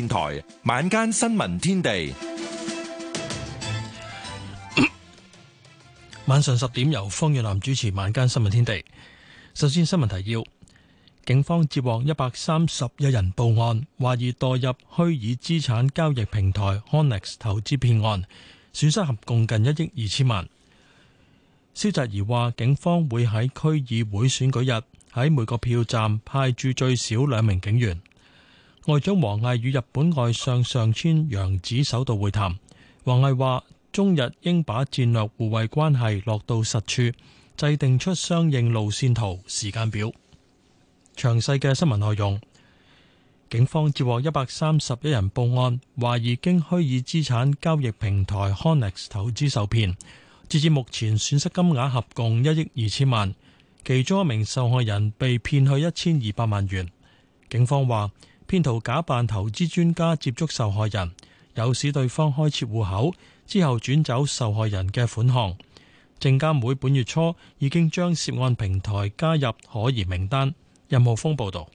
電台晚間新聞天地， 晚上十點由方遠南主持晚間新聞天地。首先新聞提要：警方接獲一百三十一人報案，懷疑墮入虛擬資產交易平台 Hounax 投資騙案，損失合共近一億二千萬。蕭澤頤話：警方會喺區議會選舉日喺每個票站派駐最少兩名警員。外長王毅與日本外相上川陽子首度會談。王毅話：中日應把戰略互惠關係落到實處，制定出相應路線圖、時間表。詳細嘅新聞內容。警方接獲一百三十一人報案，懷疑經虛擬資產交易平台 Hounax 投資受騙，截至目前損失金額合共一億二千萬，其中一名受害人被騙去一千二百萬元。警方話。騙徒假扮投資專家接觸受害人，誘使對方開設戶口，之後轉走受害人嘅款項。證監會本月初已經將涉案平台加入可疑名單。任浩峰報導。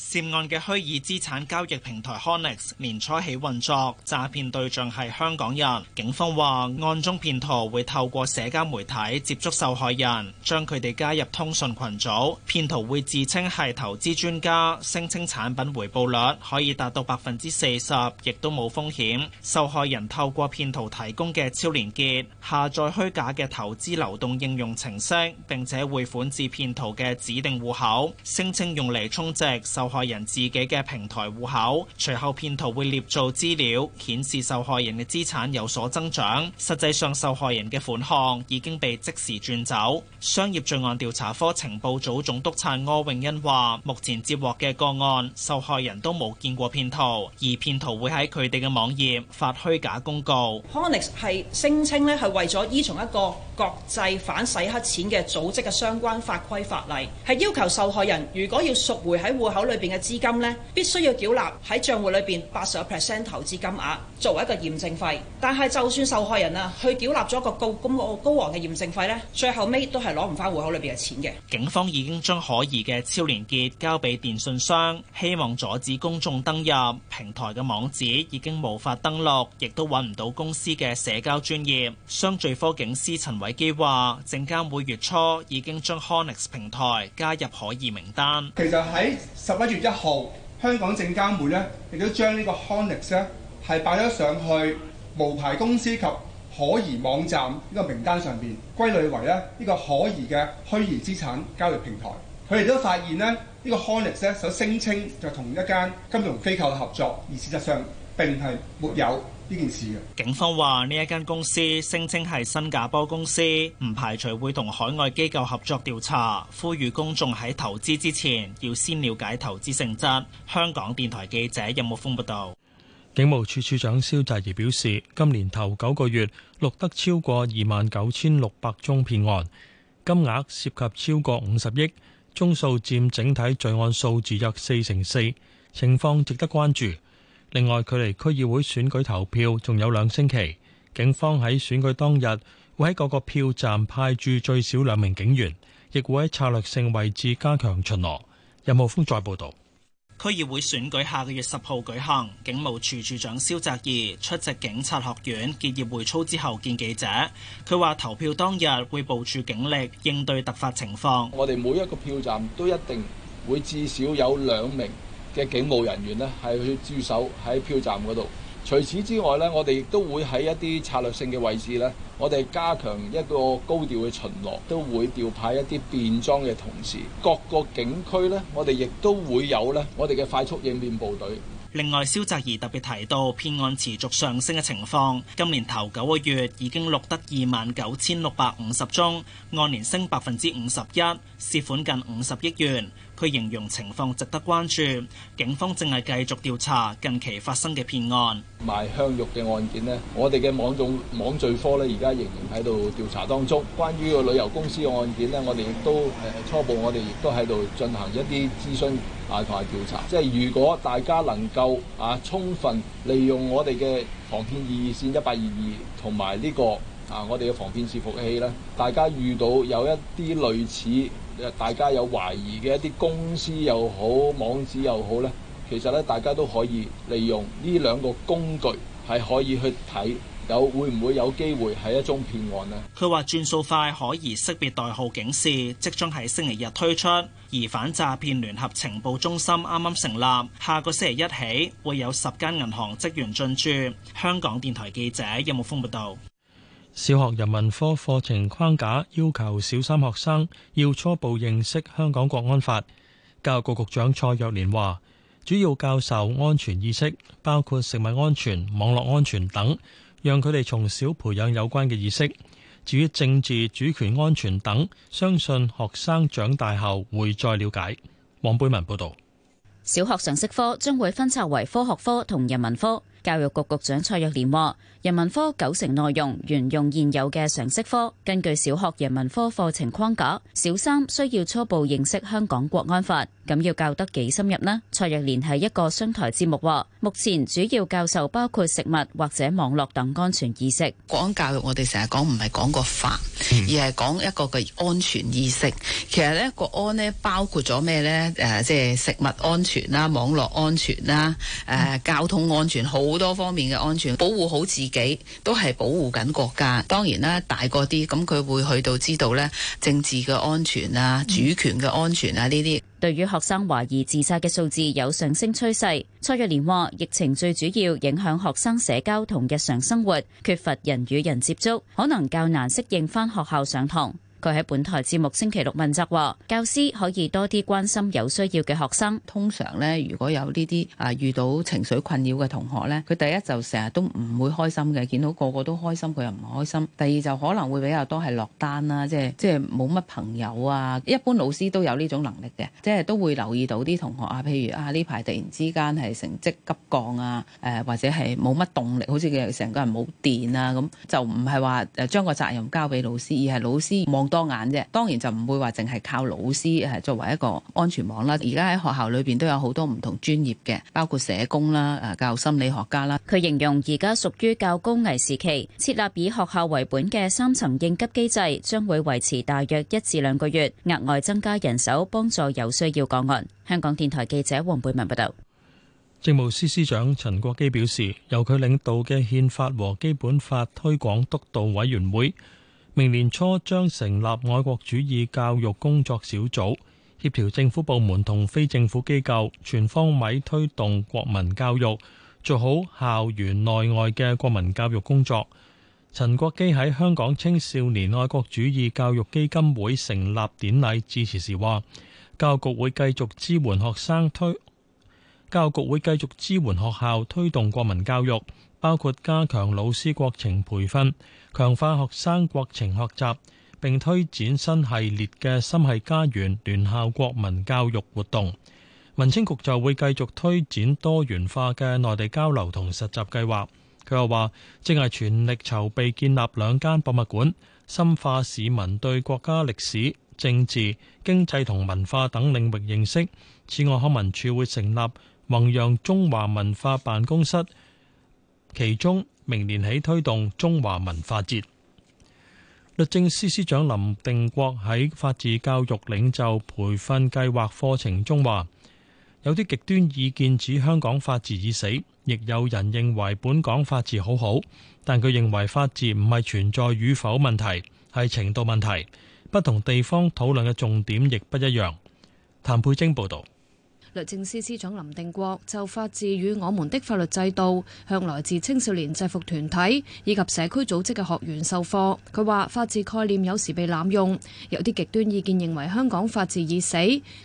涉案嘅虛擬資產交易平台 Connex 年初起運作，詐騙對象係香港人。警方話，案中騙徒會透過社交媒體接觸受害人，將佢哋加入通訊群組。騙徒會自稱係投資專家，聲稱產品回報率可以達到百分之四十，亦都冇風險。受害人透過騙徒提供嘅超連結下載虛假嘅投資流動應用程式，並且匯款至騙徒嘅指定戶口，聲稱用嚟充值受害人受害人自己嘅平台戶口，隨後騙徒會捏造資料，顯示受害人嘅資產有所增長。實際上，受害人嘅款項已經被即時轉走。商業罪案調查科情報組總督察柯永恩話：，目前接獲嘅個案，受害人都冇見過騙徒，而騙徒會喺佢哋嘅網頁發虛假公告。Hounax 係聲稱咧係為咗依從一個國際反洗黑錢嘅組織嘅相關法規法例，係要求受害人如果要贖回喺戶口裏。邊嘅資金咧，必須要繳納喺賬戶裏邊八十個 percent 投資金額作為一個驗證費。但係就算受害人啊，去繳納咗個高咁高昂嘅驗證費呢，最後尾都係攞唔翻戶口裏邊嘅錢嘅。警方已經將可疑嘅超連結交俾電訊商，希望阻止公眾登入平台嘅網址，已經無法登錄，亦都揾唔到公司嘅社交專業。商罪科警司陳偉基話，證監每月初已經將 Connect 平台加入可疑名單。其實喺十一。一月一號，香港證監會咧亦都將呢個 Coinex 咧係擺咗上去無牌公司及可疑網站呢個名單上邊，歸類為咧呢個可疑嘅虛擬資產交易平台。佢哋都發現呢，呢個 Coinex 咧所聲稱就同一間金融機構合作，而事實上並係沒有。呢件事警方話：呢一間公司聲稱係新加坡公司，唔排除會同海外機構合作調查，呼籲公眾喺投資之前要先了解投資性質。香港電台記者任木峰報道。警務處處長蕭澤怡表示，今年頭九個月錄得超過二萬九千六百宗騙案，金額涉及超過五十億，宗數佔整體罪案數字約四成四，情況值得關注。另外，距離區議會選舉投票仲有兩星期，警方喺選舉當日會喺各個票站派駐最少兩名警員，亦會喺策略性位置加強巡邏。任浩峰再報道：區議會選舉下個月十號舉行，警務處處長蕭澤頤出席警察學院結業會操之後見記者，佢話投票當日會部署警力應對突發情況。我哋每一個票站都一定會至少有兩名。嘅警務人員呢，係去駐守喺票站嗰度。除此之外呢，我哋亦都會喺一啲策略性嘅位置呢，我哋加強一個高調嘅巡邏，都會調派一啲便裝嘅同事。各個景區呢，我哋亦都會有呢，我哋嘅快速應變部隊。另外，蕭澤頤特別提到騙案持續上升嘅情況，今年頭九個月已經錄得二萬九千六百五十宗，按年升百分之五十一，涉款近五十億元。佢形容情況值得關注，警方正係繼續調查近期發生嘅騙案，賣香肉嘅案件呢，我哋嘅網絡網罪科呢，而家仍然喺度調查當中。關於個旅遊公司嘅案件呢，我哋亦都誒初步，我哋亦都喺度進行一啲諮詢大同埋調查。即係如果大家能夠啊充分利用我哋嘅防騙熱線一八二二同埋呢個啊我哋嘅防騙伺服器呢，大家遇到有一啲類似。大家有懷疑嘅一啲公司又好，網址又好呢，其實咧大家都可以利用呢兩個工具，係可以去睇有會唔會有機會係一宗騙案呢？佢話轉數快可以識別代號警示，即將喺星期日推出。反詐騙聯合情報中心啱啱成立，下個星期一起會有十間銀行職員進駐。香港電台記者任木峰報道。小學人文科課程框架要求小三學生要初步認識香港國安法。教育局局長蔡若蓮話：主要教授安全意識，包括食物安全、網絡安全等，讓佢哋從小培養有關嘅意識。至於政治主權安全等，相信學生長大後會再了解。黃貝文報道：小學常識科將會分拆為科學科同人文科。教育局局長蔡若蓮話，人文科九成內容沿用現有嘅常識科，根據小學人文科課程框架，小三需要初步認識香港國安法，咁要教得幾深入呢？蔡若蓮喺一個商台節目話，目前主要教授包括食物或者網絡等安全意識。國安教育我哋成日講唔係講個法，而係講一個嘅安全意識。其實咧國安咧包括咗咩咧？誒，即係食物安全啦，網絡安全啦，誒，交通安全好。多方面嘅安全，保護好自己都係保護緊國家。當然啦，大個啲咁，佢會去到知道咧政治嘅安全啊、主權嘅安全啊呢啲。對於學生懷疑自殺嘅數字有上升趨勢，蔡若蓮話：疫情最主要影響學生社交同日常生活，缺乏人與人接觸，可能較難適應翻學校上堂。佢喺本台節目星期六問責話：教師可以多啲關心有需要嘅學生。通常咧，如果有呢啲啊遇到情緒困擾嘅同學咧，佢第一就成日都唔會開心嘅，見到個個都開心佢又唔開心。第二就可能會比較多係落單啦，即係即係冇乜朋友啊。一般老師都有呢種能力嘅，即係都會留意到啲同學啊，譬如啊呢排突然之間係成績急降啊，誒或者係冇乜動力，好似佢成個人冇電啊咁，就唔係話誒將個責任交俾老師，而係老師望多眼啫，當然就唔會話淨係靠老師係作為一個安全網啦。而家喺學校裏邊都有好多唔同專業嘅，包括社工啦、教心理學家啦。佢形容而家屬於較高危時期，設立以學校為本嘅三層應急機制，將會維持大約一至兩個月，額外增加人手，幫助有需要個案。香港電台記者黃貝文報道。政務司司長陳國基表示，由佢領導嘅憲法和基本法推廣督導委員會。明年初將成立愛國主義教育工作小組，協調政府部門同非政府機構，全方位推動國民教育，做好校園內外嘅國民教育工作。陳國基喺香港青少年愛國主義教育基金會成立典禮致辭時話：教育局會繼續支援學生推，教育局會繼續支援學校推動國民教育。包括加強老師國情培訓，強化學生國情學習，並推展新系列嘅《心繫家園》聯校國民教育活動。民政局就會繼續推展多元化嘅內地交流同實習計劃。佢又話，正係全力籌備建立兩間博物館，深化市民對國家歷史、政治、經濟同文化等領域認識。此外，康文署會成立弘揚中華文化辦公室。其中，明年起推動中華文化節。律政司司長林定國喺法治教育領袖培訓計劃課程中話，有啲極端意見指香港法治已死，亦有人認為本港法治好好。但佢認為法治唔係存在與否問題，係程度問題，不同地方討論嘅重點亦不一樣，譚佩晶報道。律政司司長林定國就法治與我們的法律制度，向來自青少年制服團體以及社區組織嘅學員授課。佢話法治概念有時被濫用，有啲極端意見認為香港法治已死，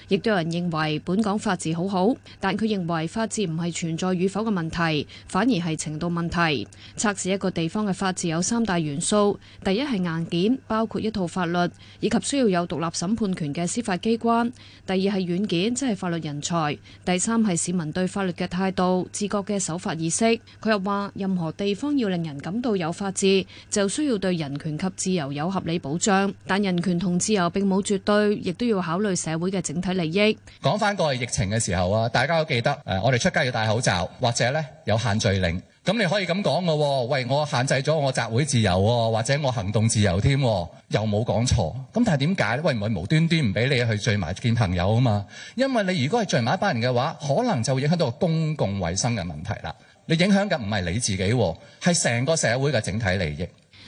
亦都有人認為本港法治好好。但佢認為法治唔係存在與否嘅問題，反而係程度問題。測試一個地方嘅法治有三大元素：第一係硬件，包括一套法律以及需要有獨立審判權嘅司法機關；第二係軟件，即係法律人才。第三係市民對法律嘅態度、自覺嘅守法意識。佢又話：任何地方要令人感到有法治，就需要對人權及自由有合理保障。但人權同自由並冇絕對，亦都要考慮社會嘅整體利益。講翻過去疫情嘅時候啊，大家都記得誒，我哋出街要戴口罩，或者咧有限聚令。咁你可以咁講㗎喎，喂，我限制咗我集會自由喎，或者我行動自由添，喎，又冇講錯。咁但係點解？喂，唔係無端端唔俾你去聚埋見朋友啊嘛？因為你如果係聚埋一班人嘅話，可能就會影響到個公共衞生嘅問題啦。你影響嘅唔係你自己，喎，係成個社會嘅整體利益。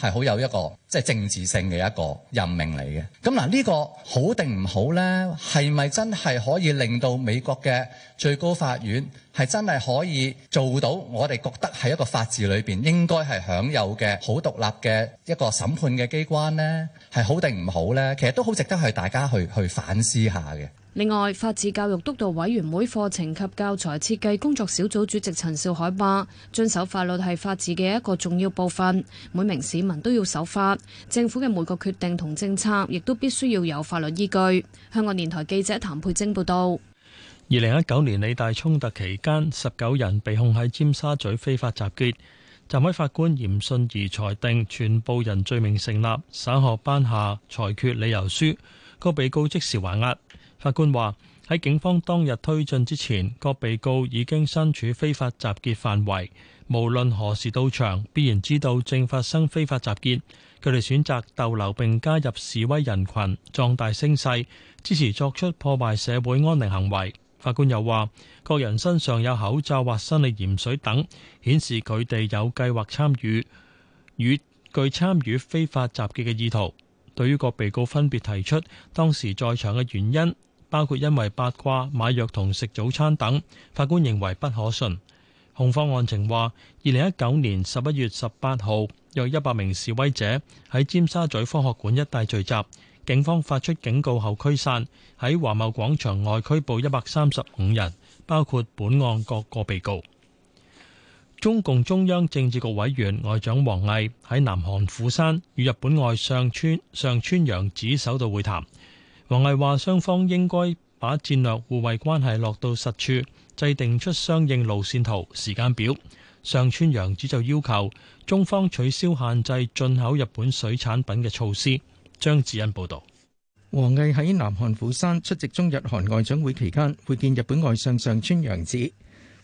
係好有一個，即係政治性嘅一個任命嚟嘅，咁嗱呢個好定唔好咧？係咪真係可以令到美國嘅，最高法院係真係可以做到，我哋覺得係一個法治裏邊應該係享有嘅好獨立嘅一個審判嘅機關咧，係好定唔好咧？其實都好值得係大家去去反思下嘅。另外，法治教育督導委員會課程及教材設計工作小組主席陳少海話遵守法律係法治嘅一個重要部分，每名市民都要守法，政府嘅每個決定同政策亦都必須要有法律依據。香港電台記者譚佩晶報道。二零一九年理大衝突期間，十九人被控喺尖沙咀非法集結，暫委法官嚴信而裁定，全部人罪名成立。省學頒下裁決理由書，各被告即時還押。法官話，喺警方當日推進之前，各被告已經身處非法集結範圍，無論何時到場，必然知道正發生非法集結，佢哋選擇逗留並加入示威人群，壯大聲勢，支持作出破壞社會安寧行為。法官又話，各人身上有口罩或生理鹽水等，顯示佢哋有計劃參與與具參與非法集結嘅意圖。對於各被告分別提出當時在場嘅原因，包括因為八卦、買藥同食早餐等，法官認為不可信。控方案情話，二零一九年十一月十八號，約一百名示威者喺尖沙咀科學館一帶聚集。警方發出警告後驅散，喺華茂廣場外拘捕一百三十五人，包括本案各個被告。中共中央政治局委員外長王毅喺南韓釜山與日本外相村上川陽子首度會談。王毅話：雙方應該把戰略互惠關係落到實處，制定出相應路線圖、時間表。上川陽子就要求中方取消限制進口日本水產品嘅措施。張智恩報道，王毅喺南韓釜山出席中日韓外長會期間會見日本外相上川陽子。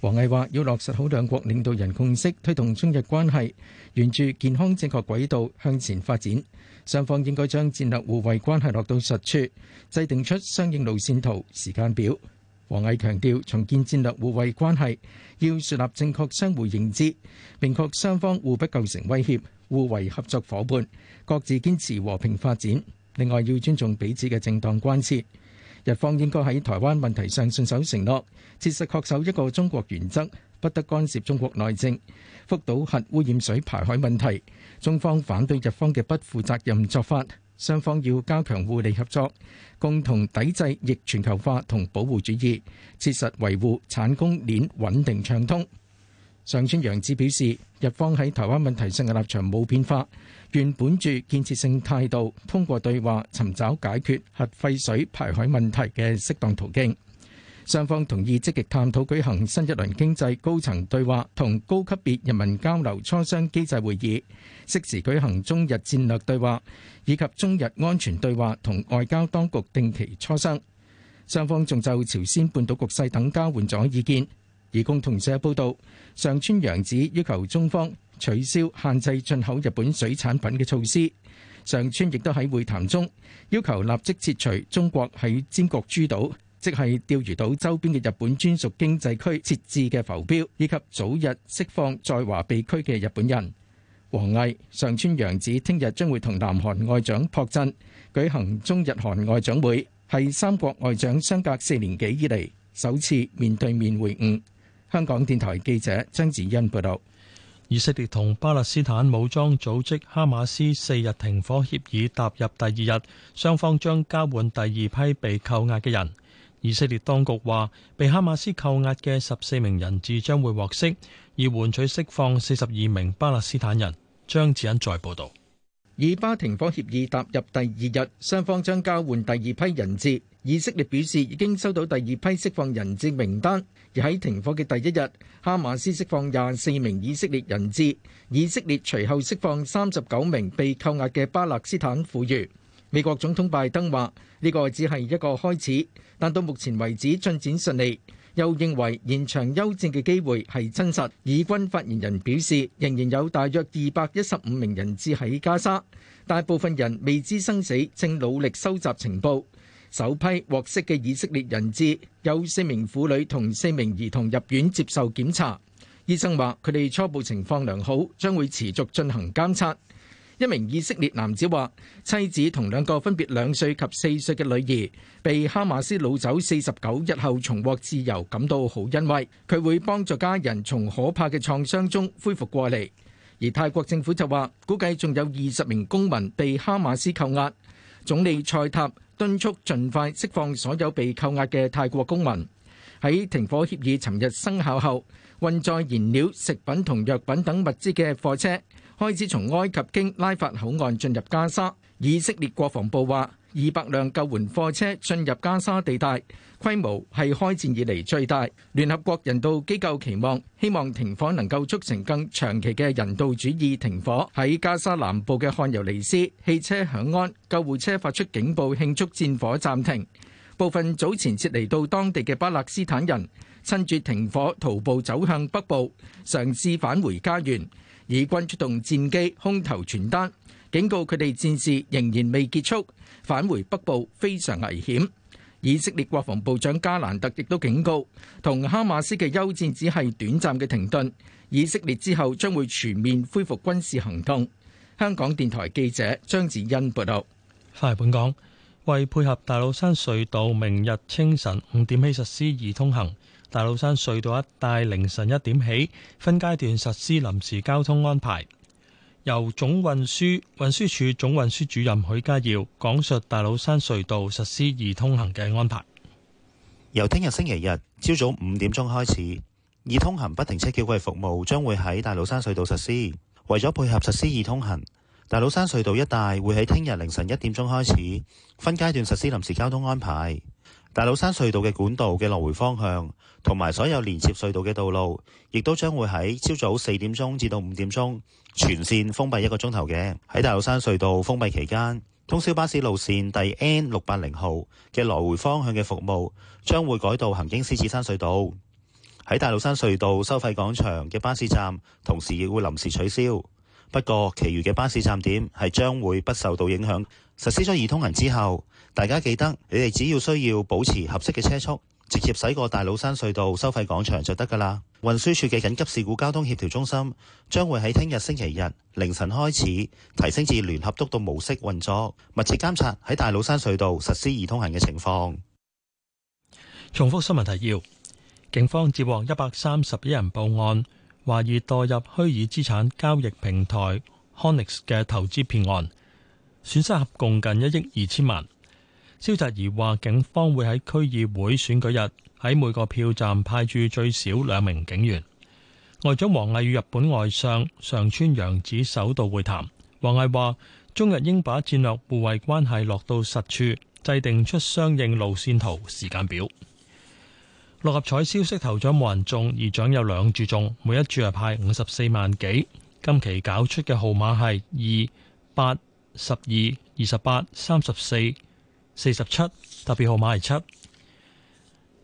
王毅話：要落實好兩國領導人共識，推動中日關係沿住健康正確軌道向前發展。雙方應該將戰略互惠關係落到實處，制定出相應路線圖、時間表。王毅強調，重建戰略互惠關係要樹立正確相互認知，明確雙方互不構成威脅。互為合作伙伴，各自堅持和平發展。另外，要尊重彼此嘅正當關切。日方應該喺台灣問題上信守承諾，切實恪守一個中國原則，不得干涉中國內政。福島核污染水排海問題，中方反對日方嘅不負責任做法。雙方要加強互利合作，共同抵制逆全球化同保護主義，切實維護產供鏈穩定暢通。上川陽子表示，日方喺台灣問題上嘅立場冇變化，願本著建設性態度通過對話尋找解決核廢水排海問題嘅適當途徑。雙方同意積極探討舉行新一輪經濟高層對話、同高級別人民交流磋商機制會議，適時舉行中日戰略對話以及中日安全對話，同外交當局定期磋商。雙方仲就朝鮮半島局勢等交換咗意見。而共同社報道，上川陽子要求中方取消限制進口日本水產品嘅措施。上川亦都喺會談中要求立即撤除中國喺尖閣諸島，即係釣魚島周邊嘅日本專屬經濟區設置嘅浮標，以及早日釋放在華地區嘅日本人。王毅、上川陽子聽日將會同南韓外長朴振舉行中日韓外長會，係三國外長相隔四年幾以嚟首次面對面會晤。香港電台記者張子欣報道，以色列同巴勒斯坦武裝組織哈馬斯四日停火協議踏入第二日，雙方將交換第二批被扣押嘅人。以色列當局話，被哈馬斯扣押嘅十四名人質將會獲釋，以換取釋放四十二名巴勒斯坦人。張子欣再報道，以巴停火協議踏入第二日，雙方將交換第二批人質。以色列表示已經收到第二批釋放人質名單，而喺停火嘅第一日，哈馬斯釋放廿四名以色列人質。以色列隨後釋放三十九名被扣押嘅巴勒斯坦婦孺。美國總統拜登話：呢個只係一個開始，但到目前為止進展順利。又認為延長休戰嘅機會係真實。以軍發言人表示，仍然有大約二百一十五名人質喺加沙，大部分人未知生死，正努力收集情報。首批獲釋嘅以色列人質有四名婦女同四名兒童入院接受檢查，醫生話佢哋初步情況良好，將會持續進行監測。一名以色列男子話：妻子同兩個分別兩歲及四歲嘅女兒被哈馬斯擄走四十九日後重獲自由，感到好欣慰。佢會幫助家人從可怕嘅創傷中恢復過嚟。而泰國政府就話，估計仲有二十名公民被哈馬斯扣押。總理賽塔。敦促盡快釋放所有被扣押嘅泰國公民。喺停火協議尋日生效後，運載燃料、食品同藥品等物資嘅貨車開始從埃及經拉法口岸進入加沙。以色列國防部話，二百輛救援貨車進入加沙地帶，規模係開戰以嚟最大。聯合國人道機構期望希望停火能夠促成更長期嘅人道主義停火。喺加沙南部嘅漢尤尼斯，汽車響安，救護車發出警報慶祝戰火暫停。部分早前撤離到當地嘅巴勒斯坦人趁住停火，徒步走向北部，嘗試返回家園。以軍出動戰機空投傳單，警告佢哋戰事仍然未結束。返回北部非常危險。以色列國防部長加蘭特亦都警告，同哈馬斯嘅休戰只係短暫嘅停頓，以色列之後將會全面恢復軍事行動。香港電台記者張子欣報道。喺本港，為配合大老山隧道明日清晨五點起實施易通行，大老山隧道一帶凌晨一點起分階段實施臨時交通安排。由總運輸運輸署總運輸主任許家耀講述大老山隧道實施易通行嘅安排。由聽日星期日朝早五點鐘開始，易通行不停車繳費服務將會喺大老山隧道實施。為咗配合實施易通行，大老山隧道一帶會喺聽日凌晨一點鐘開始，分階段實施臨時交通安排。大老山隧道嘅管道嘅來回方向，同埋所有連接隧道嘅道路，亦都將會喺朝早四點鐘至到五點鐘，全線封閉一個鐘頭嘅。喺大老山隧道封閉期間，通宵巴士路線第 N 六八零號嘅來回方向嘅服務，將會改到行經獅子山隧道。喺大老山隧道收費廣場嘅巴士站，同時亦會臨時取消。不過，其餘嘅巴士站點係將會不受到影響。實施咗二通行之後，大家記得你哋只要需要保持合適嘅車速，直接駛過大老山隧道收費廣場就得噶啦。運輸署嘅緊急事故交通協調中心將會喺聽日星期日凌晨開始提升至聯合督導模式運作，密切監察喺大老山隧道實施二通行嘅情況。重複新聞提要：警方接獲一百三十一人報案，懷疑墮入虛擬資產交易平台 Hounax 嘅投資騙案。損失合共近一億二千萬。蕭澤怡話，警方會喺區議會選舉日喺每個票站派駐最少兩名警員。外長王毅與日本外相上川洋子首度會談。王毅話，中日應把戰略互惠關係落到實處，制定出相應路線圖、時間表。六合彩消息頭獎冇人中，二獎有兩注中，每一注係派五十四萬幾。今期搞出嘅號碼係二八。十二、二十八、三十四、四十七，特別號碼係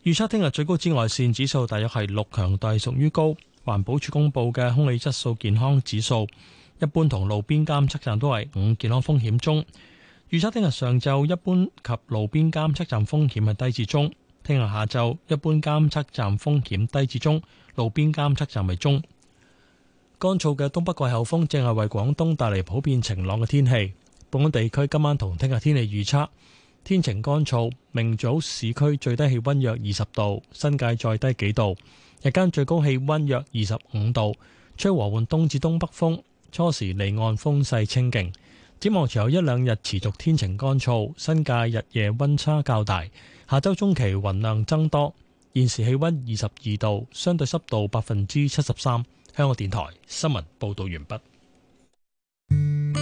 七。預測聽日最高紫外線指數大約係六，強度係屬於高。環保署公布嘅空氣質素健康指數，一般同路邊監測站都係五，健康風險中。預測聽日上晝一般及路邊監測站風險係低至中，聽日下晝一般監測站風險低至中，路邊監測站為中。乾燥嘅東北季候風正係為廣東帶嚟普遍晴朗嘅天氣。本港地區今晚同聽日天氣預測：天晴乾燥，明早市區最低氣温約二十度，新界再低幾度；日間最高氣温約二十五度，吹和緩東至東北風，初時離岸風勢清勁。展望隨後一兩日持續天晴乾燥，新界日夜温差較大。下周中期雲量增多。現時氣温二十二度，相對濕度百分之七十三。香港電台新聞報道完畢。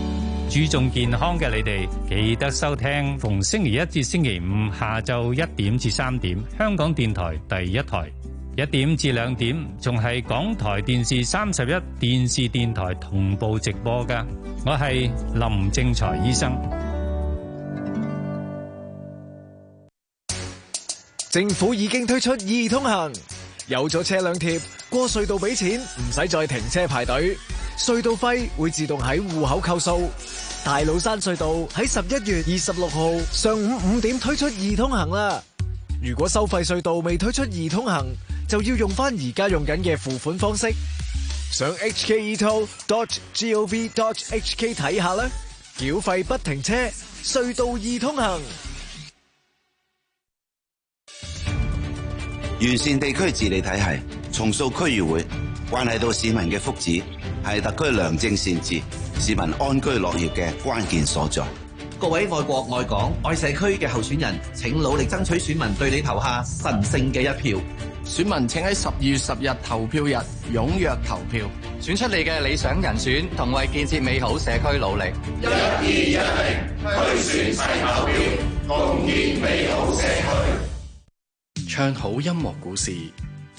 注重健康嘅你哋，記得收聽，逢星期一至星期五下晝一點至三點，香港電台第一台，一點至兩點，仲係港台電視三十一電視電台同步直播㗎。我係林正財醫生。政府已經推出易通行，有咗車輛貼，過隧道俾錢，唔使再停車排隊，隧道費會自動喺戶口扣數。大老山隧道喺十一月二十六號上午五點推出二通行啦。如果收費隧道未推出二通行，就要用翻而家用緊嘅付款方式，上 HKETO.gov.hk 睇下啦。繳費不停車，隧道二通行。完善地區治理體系，重塑區議會，關係到市民嘅福祉，係特區良政善治市民安居樂業嘅關鍵所在。各位愛國愛港愛社區嘅候選人，請努力爭取選民對你投下神聖嘅一票。選民請喺十二月十日投票日踊躍投票，選出你嘅理想人選，同為建設美好社區努力。一二一零推選細投票，共建美好社區。唱好音樂故事，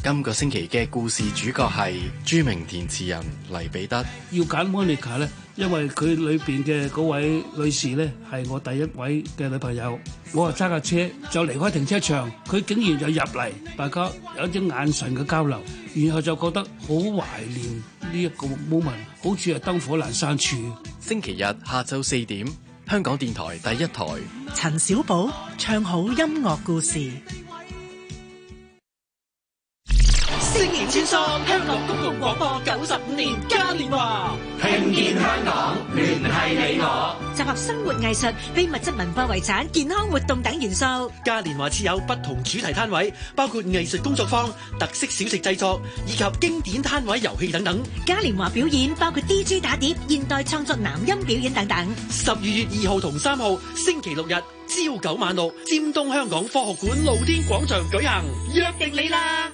今個星期嘅故事主角係著名填詞人黎彼得。要揀安力卡呢？咧？因為佢裏面嘅嗰位女士咧，係我第一位嘅女朋友，我啊揸架車就離開停車場，佢竟然就入嚟，大家有一種眼神嘅交流，然後就覺得好懷念呢一個 moment，好似係燈火闌珊處。星期日下晝四點，香港電台第一台，陳小寶唱好音樂故事。青年穿梭香港公共廣播九十五年嘉年華，聽見香港，聯繫你我，集合生活藝術、非物質文化遺產、健康活動等元素。嘉年華設有不同主題攤位，包括藝術工作坊、特色小食製作以及經典攤位遊戲等等。嘉年華表演包括 DJ 打碟、現代創作南音表演等等。十二月二號同三號星期六日朝九晚六，尖東香港科學館露天廣場舉行，約定你啦！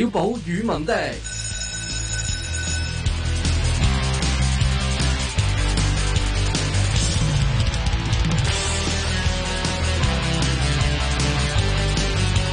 小寶與文迪，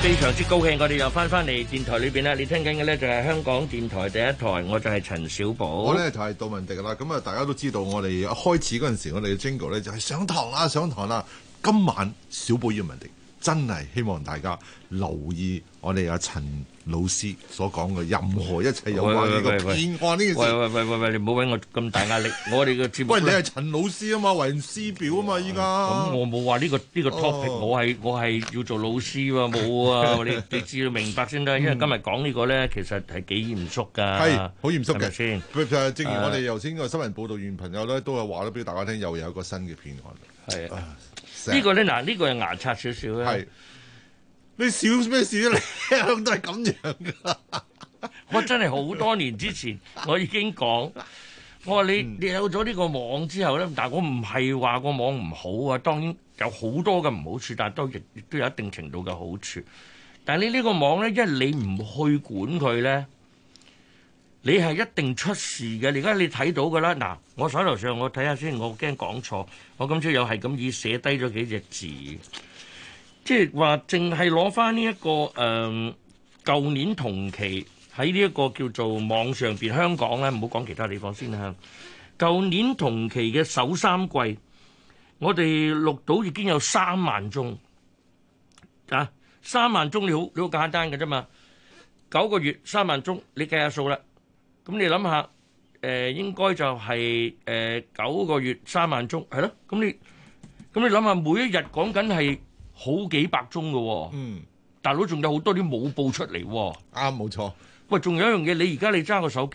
非常之高興，我哋又翻翻嚟電台裏邊啦。你聽緊嘅呢就係香港電台第一台，我就係陳小寶，我呢就係、是、杜文迪啦。咁啊，大家都知道我，我哋開始嗰陣時，我哋嘅 jingle 呢就係上堂啦，上堂啦。今晚小寶與文迪。真係希望大家留意，我哋阿、啊、陳老師所講嘅任何一切有關呢個騙案呢件、件事。喂喂喂喂喂，你唔好畀我咁大壓力， 我哋嘅節目。喂你係陳老師啊嘛，為人師表啊嘛，依家。咁我冇話呢個呢、呢個 topic、哦、我係我係要做老師喎，冇啊， 你你只要明白先得，因為今日講呢個咧，其實係幾嚴肅㗎。係，好嚴肅㗎先。正如我哋頭先個新聞報道員朋友咧，都有話咗俾大家聽，又有一個新嘅騙案。係、呃呢個、啊，呢、呢個咧嗱，呢個係牙刷少少啦。你笑咩事、啊？笑咧？都係咁樣噶。我真係好多年之前，我已經講，我話你你有咗呢個網之後咧，但係我唔係話個網唔好啊。當然有好多嘅唔好處，但係都亦都有一定程度嘅好處。但係你呢個網咧，因為你唔去管佢咧。嗯你係一定出事嘅，而家你睇到嘅啦。嗱，我手頭上我睇下先，我驚講錯。我今朝又係咁意寫低咗幾隻字，即係話淨係攞返呢一個誒呃，舊年同期喺呢一個叫做網上邊香港咧，唔好講其他地方先啦。舊年同期嘅首三季，我哋錄到已經有三萬宗啊！三萬宗你好，你好簡單嘅啫嘛。九個月三萬宗，你計下數啦。咁你諗下，誒、呃、應該就係、是、誒、呃、九個月三萬宗係咯？咁你咁你諗下，每一日講緊係好幾百宗噶喎。嗯，大佬仲有好多啲冇報出嚟喎，哦。啱，啊，冇，啊、錯。喂，仲有一樣嘢，你而家你揸個手。